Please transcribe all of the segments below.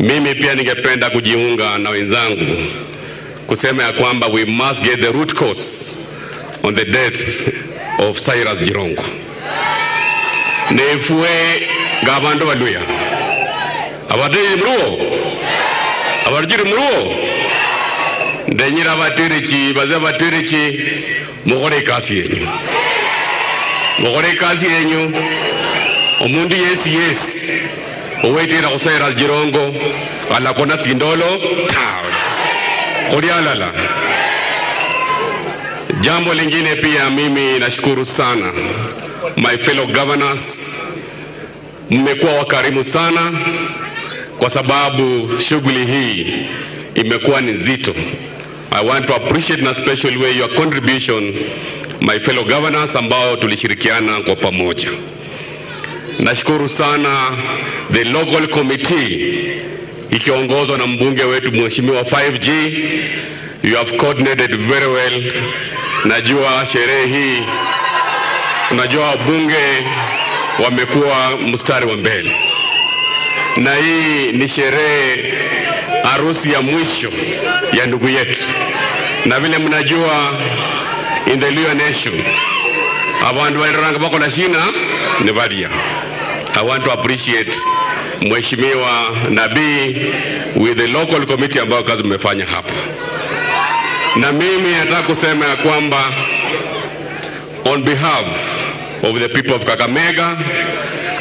Mimi pia ningependa kujiunga na wenzangu kusema ya kwamba we must get the root cause on the death of Cyrus Jirongo nefue ngabandu baluya abadiri mruo abarjiri mruo ndenyira abatereki baze abatereki mukhole ekasi yenyu mukhole ekasi yenyu omundu yesi yesi owetera khusera chirongo alakona tsindolo tawe khulialala jambo lingine pia mimi nashukuru sana my fellow governors mmekuwa wakarimu sana kwa sababu shughuli hii imekuwa ni nzito I want to appreciate in a special way your contribution my fellow governors ambao tulishirikiana kwa pamoja Nashukuru sana the local committee ikiongozwa na mbunge wetu mheshimiwa 5G. You have coordinated very well. Najua sherehe hii, unajua wabunge wamekuwa mstari wa mbele, na hii ni sherehe harusi ya mwisho ya ndugu yetu, na vile mnajua in the Luo nation abantu bako bakola shina ni badia I want to appreciate Mheshimiwa Nabii with the local committee ambayo kazi mmefanya hapa, na mimi nataka kusema ya kwamba on behalf of the people of Kakamega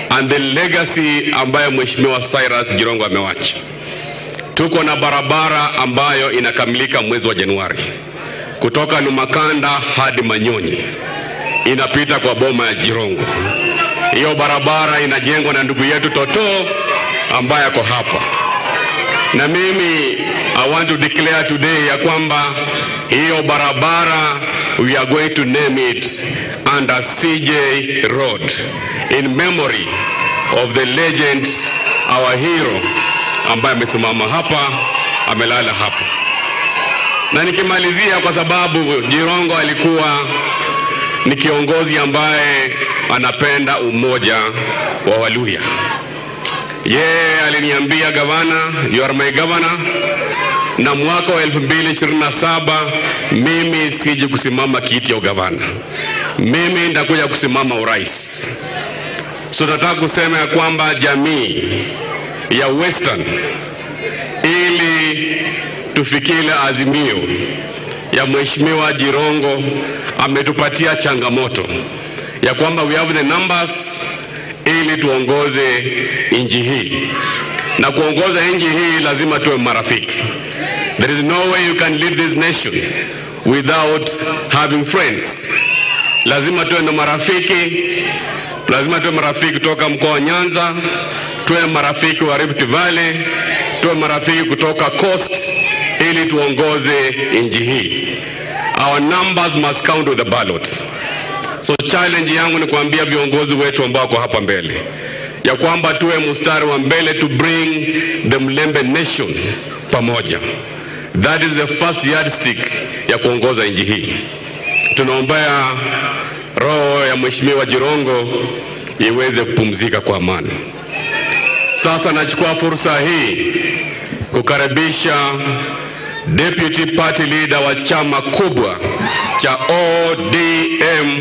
and the legacy ambayo Mheshimiwa Cyrus Jirongo amewacha, tuko na barabara ambayo inakamilika mwezi wa Januari kutoka Lumakanda hadi Manyonyi, inapita kwa boma ya Jirongo. Hiyo barabara inajengwa na ndugu yetu toto ambaye ako hapa, na mimi I want to declare today ya kwamba hiyo barabara we are going to name it under CJ Road in memory of the legend our hero ambaye amesimama hapa, amelala hapa. Na nikimalizia, kwa sababu Jirongo alikuwa ni kiongozi ambaye anapenda umoja wa Waluya. Yeye aliniambia gavana, you are my governor, na mwaka wa 2027 mimi siji kusimama kiti ya ugavana, mimi ndakuja kusimama urais. So nataka kusema ya kwamba jamii ya Western ili tufikile azimio ya Mheshimiwa Jirongo ametupatia changamoto ya kwamba we have the numbers ili tuongoze nchi hii, na kuongoza nchi hii lazima tuwe marafiki. There is no way you can lead this nation without having friends. Lazima tuwe na marafiki, lazima tuwe marafiki kutoka mkoa wa Nyanza, tuwe marafiki wa Rift Valley, tuwe marafiki kutoka Coast ili tuongoze nchi hii. Our numbers must count with the ballot. So challenge yangu ni kuambia viongozi wetu ambao wako hapa mbele ya kwamba tuwe mstari wa mbele to bring the Mlembe nation pamoja. That is the first yardstick ya kuongoza nchi hii. Tunaombea roho ya Mheshimiwa Jirongo iweze kupumzika kwa amani. Sasa nachukua fursa hii kukaribisha deputy party leader wa chama kubwa cha ODM.